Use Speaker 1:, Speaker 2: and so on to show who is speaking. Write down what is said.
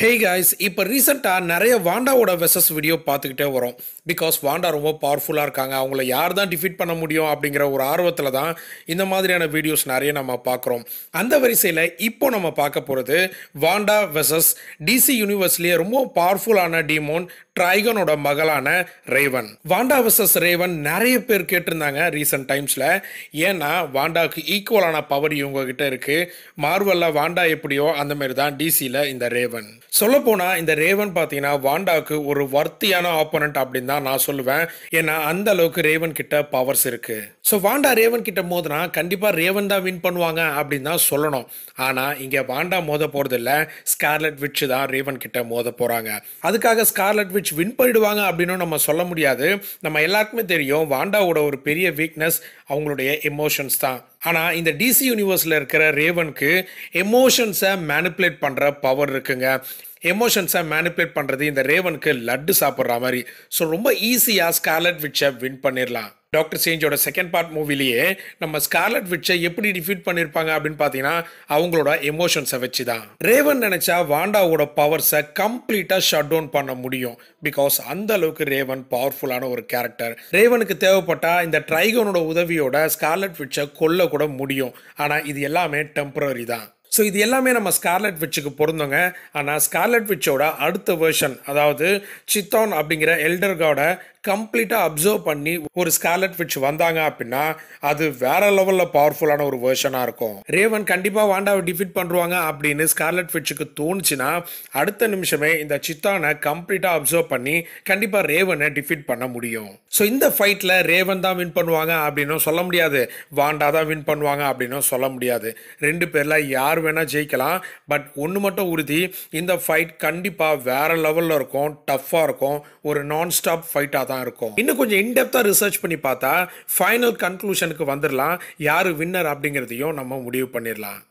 Speaker 1: ஹே guys இப்போ ரீசெண்டாக நிறைய வாண்டாவோட வெசஸ் வீடியோ பார்த்துக்கிட்டே வரும் பிகாஸ் வாண்டா ரொம்ப பவர்ஃபுல்லாக இருக்காங்க அவங்கள யார் தான் டிஃபீட் பண்ண முடியும் அப்படிங்கிற ஒரு ஆர்வத்தில் தான் இந்த மாதிரியான வீடியோஸ் நிறைய நம்ம பார்க்குறோம் அந்த வரிசையில் இப்போ நம்ம பார்க்க போகிறது வாண்டா வெசஸ் டிசி யூனிவர்ஸ்லேயே ரொம்ப பவர்ஃபுல்லான டீமோன் ட்ரைகனோட மகளான ரேவன் வாண்டா வெசஸ் ரேவன் நிறைய பேர் கேட்டிருந்தாங்க ரீசெண்ட் டைம்ஸில் ஏன்னா வாண்டாவுக்கு ஈக்குவலான பவர் இவங்ககிட்ட இருக்குது மார்வலில் வாண்டா எப்படியோ அந்த மாதிரி தான் டிசியில் இந்த ரேவன் சொல்லப்போனால் இந்த ரேவன் பார்த்தீங்கன்னா வாண்டாவுக்கு ஒரு வர்த்தியான ஆப்போனன்ட் அப்படின்னு தான் நான் சொல்லுவேன் ஏன்னா அந்த அளவுக்கு ரேவன் கிட்ட பவர்ஸ் இருக்குது ஸோ வாண்டா ரேவன் கிட்ட மோதுனா கண்டிப்பாக ரேவன் தான் வின் பண்ணுவாங்க அப்படின்னு தான் சொல்லணும் ஆனால் இங்கே வாண்டா மோத போகிறது இல்லை ஸ்கார்லட் விட்ச் தான் ரேவன் கிட்ட மோத போகிறாங்க அதுக்காக ஸ்கார்லட் விட்ச் வின் பண்ணிடுவாங்க அப்படின்னு நம்ம சொல்ல முடியாது நம்ம எல்லாருக்குமே தெரியும் வாண்டாவோட ஒரு பெரிய வீக்னஸ் அவங்களுடைய எமோஷன்ஸ் தான் ஆனால் இந்த டிசி யூனிவர்ஸில் இருக்கிற ரேவனுக்கு எமோஷன்ஸை மேனிப்புலேட் பண்ணுற பவர் இருக்குங்க எமோஷன்ஸை மேனிப்புலேட் பண்ணுறது இந்த ரேவனுக்கு லட்டு சாப்பிட்ற மாதிரி ஸோ ரொம்ப ஈஸியாக ஸ்கார்லட் விட்சை வின் பண்ணிடலாம் டாக்டர் சேஞ்சோட செகண்ட் பார்ட் மூவிலேயே நம்ம ஸ்கார்லட் விட்சை எப்படி டிஃபீட் பண்ணியிருப்பாங்க அப்படின்னு பார்த்தீங்கன்னா அவங்களோட எமோஷன்ஸை வச்சு தான் ரேவன் நினச்சா வாண்டாவோட பவர்ஸை கம்ப்ளீட்டாக ஷட் டவுன் பண்ண முடியும் பிகாஸ் அந்த அளவுக்கு ரேவன் பவர்ஃபுல்லான ஒரு கேரக்டர் ரேவனுக்கு தேவைப்பட்டால் இந்த ட்ரைகோனோட உதவியோட ஸ்கார்லட் விட்சை கொல்ல கூட முடியும் ஆனால் இது எல்லாமே டெம்பரரி தான் ஸோ இது எல்லாமே நம்ம ஸ்கார்லெட் விட்சுக்கு பொருந்தோங்க ஆனால் ஸ்கார்லெட் விட்சோட அடுத்த வேர்ஷன் அதாவது சித்தோன் அப்படிங்கிற எல்டர் கம்ப்ளீட்டாக அப்சர்வ் பண்ணி ஒரு ஸ்கார்லெட் விட்ச் வந்தாங்க அப்படின்னா அது வேற லெவலில் பவர்ஃபுல்லான ஒரு வேர்ஷனாக இருக்கும் ரேவன் கண்டிப்பாக வாண்டாவை டிஃபிட் பண்ணுவாங்க அப்படின்னு ஸ்கார்லெட் விட்சுக்கு தோணுச்சுன்னா அடுத்த நிமிஷமே இந்த சித்தானை கம்ப்ளீட்டாக அப்சர்வ் பண்ணி கண்டிப்பாக ரேவனை டிஃபிட் பண்ண முடியும் ஸோ இந்த ஃபைட்டில் ரேவன் தான் வின் பண்ணுவாங்க அப்படின்னும் சொல்ல முடியாது வாண்டா தான் வின் பண்ணுவாங்க அப்படின்னும் சொல்ல முடியாது ரெண்டு பேரில் யார் வேணா ஜெயிக்கலாம் பட் ஒன்று மட்டும் உறுதி இந்த ஃபைட் கண்டிப்பாக வேற லெவலில் இருக்கும் டஃப்பாக இருக்கும் ஒரு நான் ஸ்டாப் ஃபைட்டாக தான் இருக்கும் இன்னும் கொஞ்சம் இன்டெப்தாக ரிசர்ச் பண்ணி பார்த்தா ஃபைனல் கன்க்ளூஷனுக்கு வந்துடலாம் யார் வின்னர் அப்படிங்கிறதையும் நம்ம முடிவு பண்ணிடலாம்